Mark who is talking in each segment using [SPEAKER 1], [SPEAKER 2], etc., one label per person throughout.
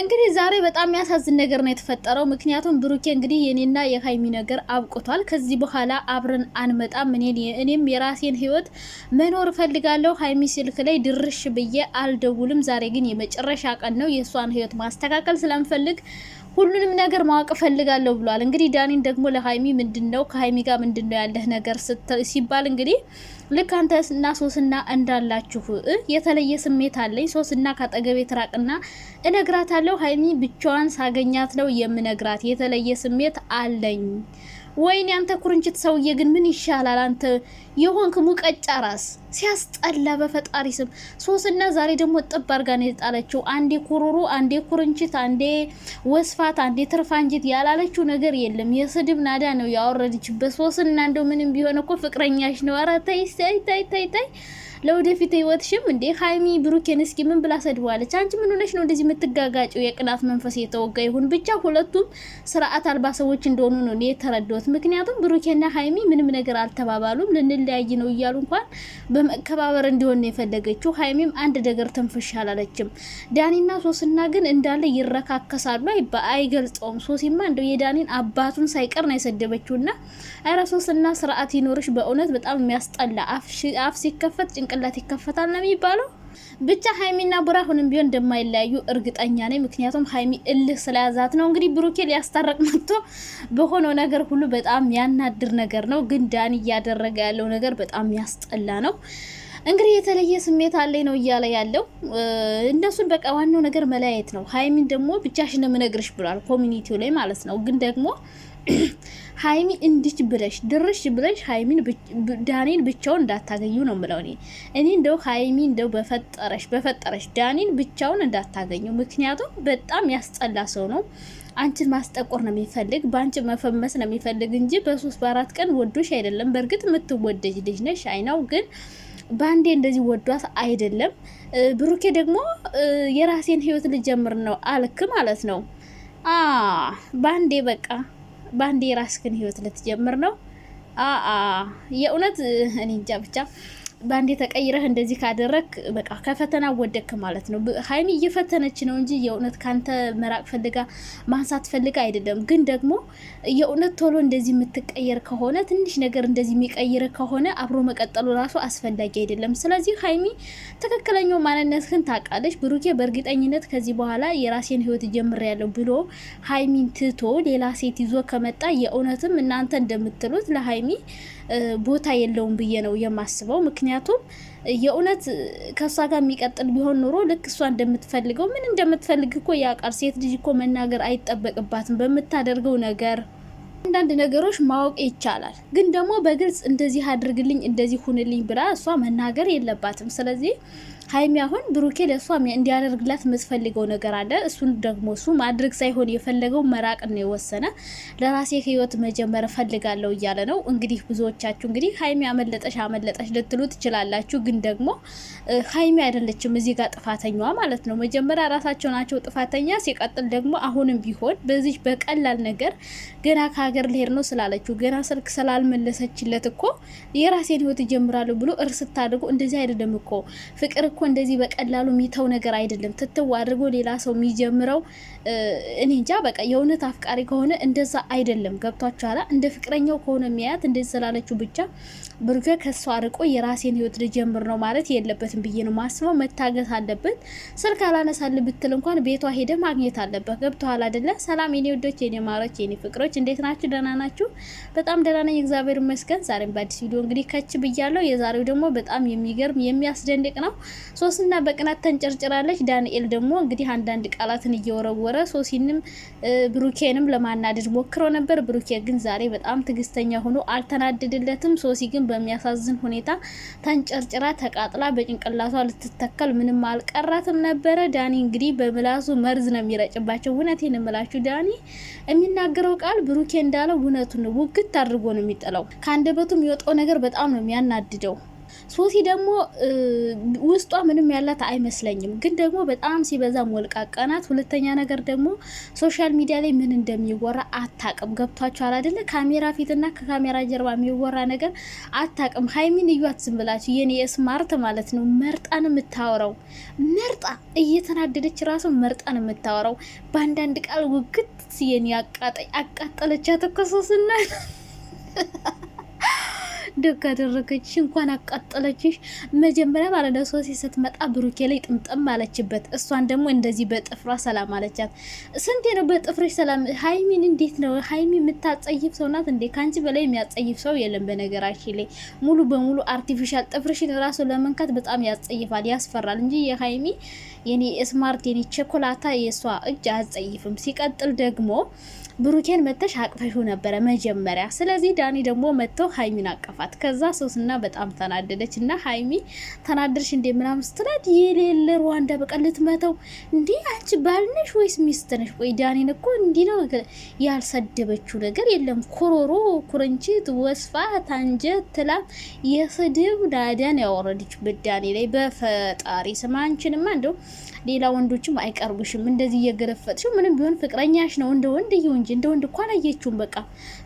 [SPEAKER 1] እንግዲህ ዛሬ በጣም የሚያሳዝን ነገር ነው የተፈጠረው። ምክንያቱም ብሩኬ እንግዲህ የኔና የሀይሚ ነገር አብቅቷል። ከዚህ በኋላ አብረን አንመጣም። እኔም የራሴን ህይወት መኖር እፈልጋለሁ። ሀይሚ ስልክ ላይ ድርሽ ብዬ አልደውልም። ዛሬ ግን የመጨረሻ ቀን ነው። የእሷን ህይወት ማስተካከል ስለምፈልግ ሁሉንም ነገር ማወቅ እፈልጋለሁ ብሏል። እንግዲህ ዳኒን ደግሞ ለሀይሚ ምንድን ነው ከሀይሚ ጋር ምንድን ነው ያለህ ነገር ሲባል እንግዲህ ልክ አንተ አንተና ሶስና እንዳላችሁ የተለየ ስሜት አለኝ። ሶስና ካጠገቤ ትራቅና እነግራታለሁ። ሀይሚ ብቻዋን ሳገኛት ነው የምነግራት። የተለየ ስሜት አለኝ ወይኔ አንተ ኩርንችት ሰውዬ ግን ምን ይሻላል? አንተ የሆንክ ሙቀጫ ራስ ሲያስጠላ፣ በፈጣሪ ስም ሶስና ዛሬ ደግሞ ጥብ አርጋ ነው የጣለችው። አንዴ ኩሩሩ፣ አንዴ ኩርንችት፣ አንዴ ወስፋት፣ አንዴ ትርፋንጅት ያላለችው ነገር የለም። የስድብ ናዳ ነው ያወረደችበት ሶስና። እንደው ምንም ቢሆን እኮ ፍቅረኛሽ ነው። ኧረ ተይ ተይ ተይ ተይ ለወደፊት ህይወትሽም እንዴ ሀይሚ ብሩኬን እስኪ ምን ብላ ሰድበዋለች? አንቺ ምን ሆነሽ ነው እንደዚህ የምትጋጋጭው? የቅናት መንፈስ የተወጋ ይሁን ብቻ ሁለቱም ስርዓት አልባ ሰዎች እንደሆኑ ነው እኔ የተረዳሁት። ምክንያቱም ብሩኬና ሀይሚ ምንም ነገር አልተባባሉም። ልንለያይ ነው እያሉ እንኳን በመከባበር እንዲሆን ነው የፈለገችው። ሀይሚም አንድ ነገር ትንፍሽ አላለችም። ዳኒና ሶስና ግን እንዳለ ይረካከሳሉ። አይገልጸውም። ሶሲማ እንደው የዳኒን አባቱን ሳይቀር ነው የሰደበችውና ኧረ ሶስና ስርዓት ይኖርሽ በእውነት በጣም የሚያስጠላ አፍ ሲከፈት ጭንቅላት ይከፈታል ነው የሚባለው። ብቻ ሀይሚና ቡራ አሁንም ቢሆን እንደማይለያዩ እርግጠኛ ነኝ። ምክንያቱም ሀይሚ እልህ ስለያዛት ነው። እንግዲህ ብሩኬ ሊያስታረቅ መጥቶ በሆነው ነገር ሁሉ በጣም ያናድር ነገር ነው። ግን ዳን እያደረገ ያለው ነገር በጣም ያስጠላ ነው። እንግዲህ የተለየ ስሜት አለኝ ነው እያለ ያለው እነሱን በቃ ዋናው ነገር መለያየት ነው። ሀይሚን ደግሞ ብቻሽን የምነግርሽ ብሏል ኮሚኒቲው ላይ ማለት ነው። ግን ደግሞ ሀይሚ እንዲች ብለሽ ድርሽ ብለሽ ሀይሚን ዳኒን ብቻውን እንዳታገኙ ነው ምለው እኔ እኔ እንደው ሀይሚ እንደው በፈጠረሽ በፈጠረሽ ዳኒን ብቻውን እንዳታገኙ። ምክንያቱም በጣም ያስጠላ ሰው ነው። አንቺን ማስጠቆር ነው የሚፈልግ፣ በአንቺ መፈመስ ነው የሚፈልግ እንጂ በሶስት በአራት ቀን ወዶሽ አይደለም። በእርግጥ የምትወደጅ ልጅ ነሽ አይናው ግን በአንዴ እንደዚህ ወዷት አይደለም። ብሩኬ ደግሞ የራሴን ህይወት ልጀምር ነው አልክ ማለት ነው። በአንዴ በቃ በአንድ የራስህን ህይወት ልትጀምር ነው። አአ የእውነት እኔ እንጃ ብቻ በአንዴ ተቀይረህ እንደዚህ ካደረግ በቃ ከፈተና ወደክ ማለት ነው። ሀይሚ እየፈተነች ነው እንጂ የእውነት ካንተ መራቅ ፈልጋ ማንሳት ፈልጋ አይደለም። ግን ደግሞ የእውነት ቶሎ እንደዚህ የምትቀየር ከሆነ ትንሽ ነገር እንደዚህ የሚቀይር ከሆነ አብሮ መቀጠሉ ራሱ አስፈላጊ አይደለም። ስለዚህ ሀይሚ ትክክለኛው ማንነትህን ታውቃለች። ብሩኬ በእርግጠኝነት ከዚህ በኋላ የራሴን ህይወት ጀምሬያለሁ ብሎ ሀይሚን ትቶ ሌላ ሴት ይዞ ከመጣ የእውነትም እናንተ እንደምትሉት ለሀይሚ ቦታ የለውም ብዬ ነው የማስበው። ምክንያቱም የእውነት ከእሷ ጋር የሚቀጥል ቢሆን ኑሮ ልክ እሷ እንደምትፈልገው ምን እንደምትፈልግ እኮ ያውቃል። ሴት ልጅ እኮ መናገር አይጠበቅባትም። በምታደርገው ነገር አንዳንድ ነገሮች ማወቅ ይቻላል። ግን ደግሞ በግልጽ እንደዚህ አድርግልኝ፣ እንደዚህ ሁንልኝ ብላ እሷ መናገር የለባትም። ስለዚህ ሀይሚ አሁን ብሩኬ ለእሷ እንዲያደርግላት የምትፈልገው ነገር አለ። እሱን ደግሞ እሱ ማድረግ ሳይሆን የፈለገው መራቅ ነው የወሰነ። ለራሴ ህይወት መጀመር እፈልጋለሁ እያለ ነው። እንግዲህ ብዙዎቻችሁ እንግዲህ ሀይሚ አመለጠሽ አመለጠሽ ልትሉ ትችላላችሁ። ግን ደግሞ ሀይሚ አይደለችም እዚህ ጋር ጥፋተኛዋ ማለት ነው። መጀመሪያ ራሳቸው ናቸው ጥፋተኛ። ሲቀጥል ደግሞ አሁንም ቢሆን በዚህ በቀላል ነገር ገና ከሀገር ልሄድ ነው ስላለችው ገና ስልክ ስላልመለሰችለት እኮ የራሴን ህይወት እጀምራለሁ ብሎ እርስ አድርጎ እንደዚህ አይደለም እኮ ፍቅር እኮ እንደዚህ በቀላሉ የሚተው ነገር አይደለም። ትትው አድርጎ ሌላ ሰው የሚጀምረው እኔ እንጃ። በቃ የእውነት አፍቃሪ ከሆነ እንደዛ አይደለም። ገብቷችኋላ? እንደ ፍቅረኛው ከሆነ የሚያያት እንደዚህ ስላለችው ብቻ ብሩኬ ከሷ አርቆ የራሴን ህይወት ልጀምር ነው ማለት የለበትም ብዬ ነው ማስበው። መታገት አለበት። ስልክ አላነሳል ብትል እንኳን ቤቷ ሄደ ማግኘት አለበት። ገብቶሃል አደለ? ሰላም የኔ ውዶች፣ የኔ ማሮች፣ የኔ ፍቅሮች እንዴት ናችሁ? ደህና ናችሁ? በጣም ደህና ነኝ፣ እግዚአብሔር ይመስገን። ዛሬም በአዲስ ቪዲዮ እንግዲህ ከች ብያለሁ። የዛሬው ደግሞ በጣም የሚገርም የሚያስደንቅ ነው። ሶስና በቅናት ተንጨርጭራለች። ዳንኤል ደግሞ እንግዲህ አንዳንድ ቃላትን እየወረወረ ሶሲንም ብሩኬንም ለማናደድ ሞክሮ ነበር። ብሩኬ ግን ዛሬ በጣም ትግስተኛ ሆኖ አልተናደደለትም። ሶሲ ግን በሚያሳዝን ሁኔታ ተንጨርጭራ ተቃጥላ በጭንቅላቷ ልትተከል ምንም አልቀራትም ነበረ። ዳኒ እንግዲህ በምላሱ መርዝ ነው የሚረጭባቸው። እውነቴን እምላችሁ ዳኒ የሚናገረው ቃል ብሩኬ እንዳለው እውነቱን ውግት አድርጎ ነው የሚጥለው። ከአንደበቱ የሚወጣው ነገር በጣም ነው የሚያናድደው። ሶሲ ደግሞ ውስጧ ምንም ያላት አይመስለኝም፣ ግን ደግሞ በጣም ሲበዛ ሞልቃቃ ናት። ሁለተኛ ነገር ደግሞ ሶሻል ሚዲያ ላይ ምን እንደሚወራ አታቅም። ገብቷችኋል አይደለ? ካሜራ ፊትና ከካሜራ ጀርባ የሚወራ ነገር አታቅም። ሀይሚን እዩት፣ ዝም ብላችሁ የኔ ስማርት ማለት ነው። መርጣን የምታወራው መርጣ እየተናደደች ራሱ መርጣን የምታወራው በአንዳንድ ቃል ውግት የኔ አቃጠለቻት እኮ ሶስና ደግ አደረገች፣ እንኳን አቃጠለችሽ። መጀመሪያ ባለደ ሶሲ ስትመጣ ብሩኬ ላይ ጥምጥም አለችበት። እሷን ደግሞ እንደዚህ በጥፍሯ ሰላም አለቻት። ስንቴ ነው በጥፍሮች ሰላም? ሀይሚን እንዴት ነው ሀይሚ የምታጸይፍ ሰው ናት እንዴ? ከአንቺ በላይ የሚያጸይፍ ሰው የለም። በነገራችን ላይ ሙሉ በሙሉ አርቲፊሻል ጥፍርሽን ራሱ ለመንካት በጣም ያጸይፋል፣ ያስፈራል እንጂ የሀይሚ የኔ ስማርት የኔ ቸኮላታ የእሷ እጅ አያጸይፍም። ሲቀጥል ደግሞ ብሩኬን መተሽ አቅፈሽው ነበረ መጀመሪያ። ስለዚህ ዳኒ ደግሞ መጥቶ ሀይሚን አቀፋት። ከዛ ሶስና በጣም ተናደደች እና ሀይሚ ተናደርሽ እንዴ ምናምን ስትላት የሌለ ሩዋንዳ በቃ ልትመተው እንዴ አንቺ ባልነሽ ወይስ ሚስትነሽ? ቆይ ዳኒን እኮ እንዲ ነው ያልሰደበችው ነገር የለም። ኮሮሮ ኩርንችት ወስፋ ታንጀት ትላ የስድብ ዳዳን ያወረደችበት ዳኒ ላይ በፈጣሪ ስማ አንቺንማ እንደው ሌላ ወንዶችም አይቀርቡሽም እንደዚህ እየገለፈጥሽው ምንም ቢሆን ፍቅረኛሽ ነው እንደ ወንድ ይሁን እንጂ እንደ ወንድ እኮ አላየችውም። በቃ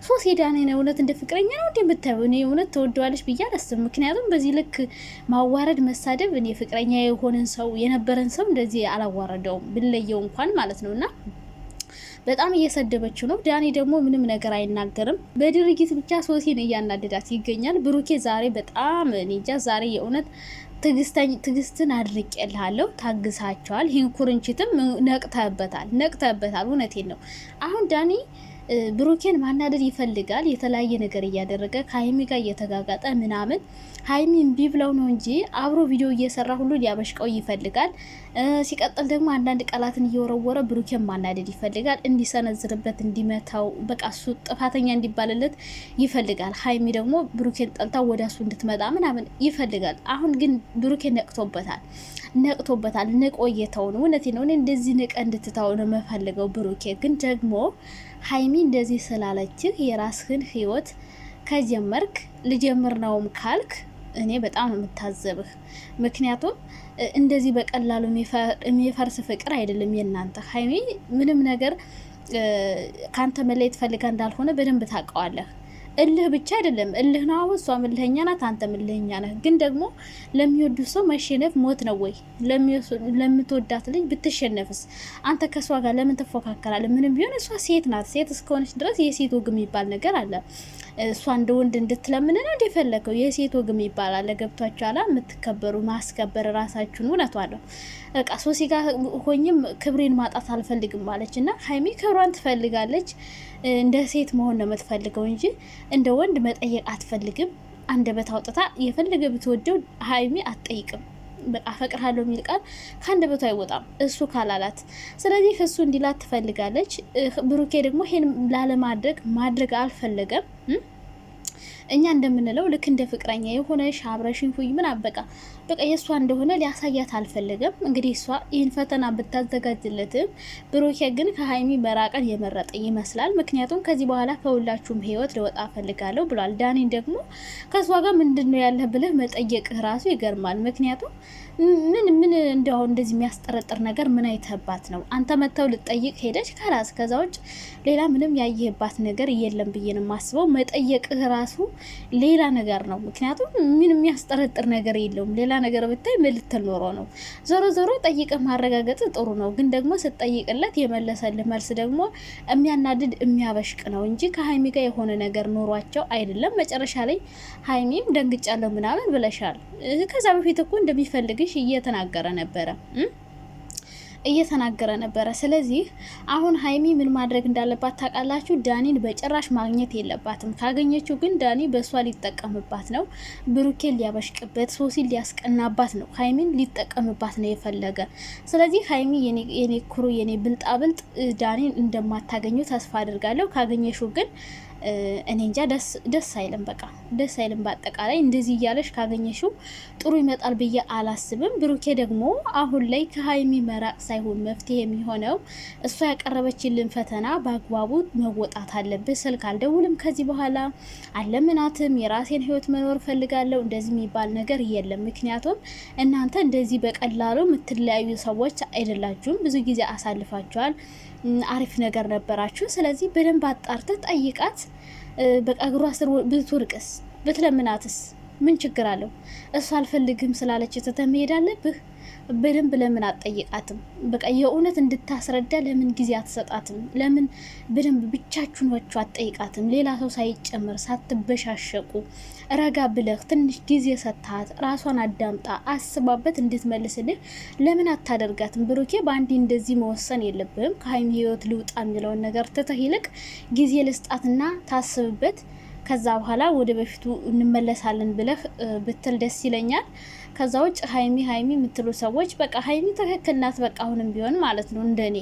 [SPEAKER 1] ሶስ ሄዳኔ ነው እውነት እንደ ፍቅረኛ ነው እንዴ የምታየው። እኔ እውነት ተወደዋለች ብዬ አላስብም። ምክንያቱም በዚህ ልክ ማዋረድ፣ መሳደብ እኔ ፍቅረኛ የሆንን ሰው የነበረን ሰው እንደዚህ አላዋረደውም ብለየው እንኳን ማለት ነው እና በጣም እየሰደበችው ነው። ዳኒ ደግሞ ምንም ነገር አይናገርም። በድርጊት ብቻ ሶሲን እያናደዳት ይገኛል። ብሩኬ ዛሬ በጣም እኔ እንጃ ዛሬ የእውነት ትግስትን አድርቄልሃለሁ። ታግሳቸዋል። ይህን ኩርንችትም ነቅተህበታል ነቅተህበታል። እውነቴን ነው። አሁን ዳኒ ብሩኬን ማናደድ ይፈልጋል። የተለያየ ነገር እያደረገ ከሀይሚ ጋር እየተጋጋጠ ምናምን ሀይሚ እምቢ ብለው ነው እንጂ አብሮ ቪዲዮ እየሰራ ሁሉ ሊያበሽቀው ይፈልጋል። ሲቀጥል ደግሞ አንዳንድ ቃላትን እየወረወረ ብሩኬን ማናደድ ይፈልጋል። እንዲሰነዝርበት፣ እንዲመታው በቃ እሱ ጥፋተኛ እንዲባልለት ይፈልጋል። ሀይሚ ደግሞ ብሩኬን ጠልታ ወደ እሱ እንድትመጣ ምናምን ይፈልጋል። አሁን ግን ብሩኬን ነቅቶበታል ነቅቶበታል። ንቆ እየተውን እውነቴ ነው። እኔ እንደዚህ ንቀ እንድትታው ነው የምፈልገው። ብሩኬ ግን ደግሞ ሀይሚ እንደዚህ ስላለችህ የራስህን ህይወት ከጀመርክ ልጀምር ነውም ካልክ እኔ በጣም የምታዘብህ። ምክንያቱም እንደዚህ በቀላሉ የሚፈርስ ፍቅር አይደለም የእናንተ። ሀይሚ ምንም ነገር ከአንተ መለየት ፈልጋ እንዳልሆነ በደንብ ታውቀዋለህ። እልህ ብቻ አይደለም እልህ ነው። አሁን እሷም እልህኛ ናት፣ አንተም እልህኛ ነህ። ግን ደግሞ ለሚወዱ ሰው መሸነፍ ሞት ነው ወይ? ለምትወዳት ልጅ ብትሸነፍስ? አንተ ከእሷ ጋር ለምን ትፎካከራለህ? ምንም ቢሆን እሷ ሴት ናት። ሴት እስከሆነች ድረስ የሴት ወግ የሚባል ነገር አለ። እሷ እንደ ወንድ እንድትለምን ነው እንደፈለገው። የሴት ወግ የሚባል አለ። አላ የምትከበሩ ማስከበር ራሳችሁን። እውነቷ ነው። በቃ ሶሲ ጋር ሆኝም ክብሬን ማጣት አልፈልግም አለች እና ሀይሚ ክብሯን ትፈልጋለች። እንደ ሴት መሆን ነው የምትፈልገው እንጂ እንደ ወንድ መጠየቅ አትፈልግም። አንደበት አውጥታ የፈለገ ብትወደው ሀይሚ አትጠይቅም። በቃ አፈቅርሃለሁ የሚል ቃል ከአንደበቱ አይወጣም እሱ ካላላት። ስለዚህ እሱ እንዲላት ትፈልጋለች። ብሩኬ ደግሞ ይሄን ላለማድረግ ማድረግ አልፈለገም። እኛ እንደምንለው ልክ እንደ ፍቅረኛ የሆነ አብረሽኝ ሁኝ ምን በቃ በቃ የእሷ እንደሆነ ሊያሳያት አልፈለገም። እንግዲህ እሷ ይህን ፈተና ብታዘጋጅለትም ብሩኬ ግን ከሀይሚ መራቀን የመረጠ ይመስላል። ምክንያቱም ከዚህ በኋላ ከሁላችሁም ህይወት ልወጣ ፈልጋለሁ ብሏል። ዳኒን ደግሞ ከእሷ ጋር ምንድን ነው ያለህ ብለህ መጠየቅህ ራሱ ይገርማል። ምክንያቱም ምን ምን እንደው እንደዚህ የሚያስጠረጥር ነገር ምን አይተህባት ነው? አንተ መጥተው ልጠይቅ ሄደች ከራስ ከዛ ውጭ ሌላ ምንም ያየህባት ነገር የለም ብዬ ነው የማስበው። መጠየቅህ ራሱ ሌላ ነገር ነው። ምክንያቱም ምን የሚያስጠረጥር ነገር የለውም። ሌላ ነገር ብታይ ምን ልትል ኖሮ ነው? ዞሮ ዞሮ ጠይቀህ ማረጋገጥ ጥሩ ነው። ግን ደግሞ ስትጠይቅለት የመለሰልህ መልስ ደግሞ የሚያናድድ የሚያበሽቅ ነው እንጂ ከሀይሚ ጋር የሆነ ነገር ኖሯቸው አይደለም። መጨረሻ ላይ ሀይሚም ደንግጫለሁ ምናምን ብለሻል። ከዛ በፊት እኮ እንደሚፈልግ አድርግሽ እየተናገረ ነበረ እየተናገረ ነበረ። ስለዚህ አሁን ሀይሚ ምን ማድረግ እንዳለባት ታውቃላችሁ። ዳኒን በጭራሽ ማግኘት የለባትም። ካገኘችው ግን ዳኒ በእሷ ሊጠቀምባት ነው፣ ብሩኬን ሊያበሽቅበት፣ ሶሲን ሊያስቀናባት ነው፣ ሀይሚን ሊጠቀምባት ነው የፈለገ። ስለዚህ ሀይሚ የኔ ኩሩ የኔ ብልጣብልጥ ዳኒን እንደማታገኘው ተስፋ አድርጋለሁ። ካገኘችው ግን እኔ እንጃ ደስ አይልም። በቃ ደስ አይልም። በአጠቃላይ እንደዚህ እያለሽ ካገኘሽው ጥሩ ይመጣል ብዬ አላስብም። ብሩኬ ደግሞ አሁን ላይ ከሀይሚ መራቅ ሳይሆን መፍትሄ የሚሆነው እሷ ያቀረበችልን ፈተና በአግባቡ መወጣት አለብህ። ስልክ አልደውልም ከዚህ በኋላ አለምናትም፣ የራሴን ህይወት መኖር ፈልጋለሁ፣ እንደዚህ የሚባል ነገር የለም። ምክንያቱም እናንተ እንደዚህ በቀላሉ የምትለያዩ ሰዎች አይደላችሁም። ብዙ ጊዜ አሳልፋችኋል። አሪፍ ነገር ነበራችሁ። ስለዚህ በደንብ አጣርተ ጠይቃት። በቃ እግሯ ስር ብትወርቅስ ብትለምናትስ ምን ችግር አለው? እሷ አልፈልግም ስላለች ትተህ መሄድ አለብህ? በደንብ ለምን አትጠይቃትም? በቃ የእውነት እንድታስረዳ ለምን ጊዜ አትሰጣትም? ለምን በደንብ ብቻችሁን ወቹ አትጠይቃትም? ሌላ ሰው ሳይጨምር ሳትበሻሸቁ ረጋ ብለህ ትንሽ ጊዜ ሰጥታት ራሷን አዳምጣ አስባበት እንድትመልስልህ ለምን አታደርጋትም? ብሩኬ በአንዴ እንደዚህ መወሰን የለብህም። ከሀይሚ ህይወት ልውጣ የሚለውን ነገር ትተህ ይልቅ ጊዜ ልስጣትና ታስብበት ከዛ በኋላ ወደ በፊቱ እንመለሳለን ብለህ ብትል ደስ ይለኛል። ከዛ ውጭ ሀይሚ ሀይሚ የምትሉ ሰዎች በቃ ሀይሚ ትክክል ናት። በቃ አሁንም ቢሆን ማለት ነው እንደኔ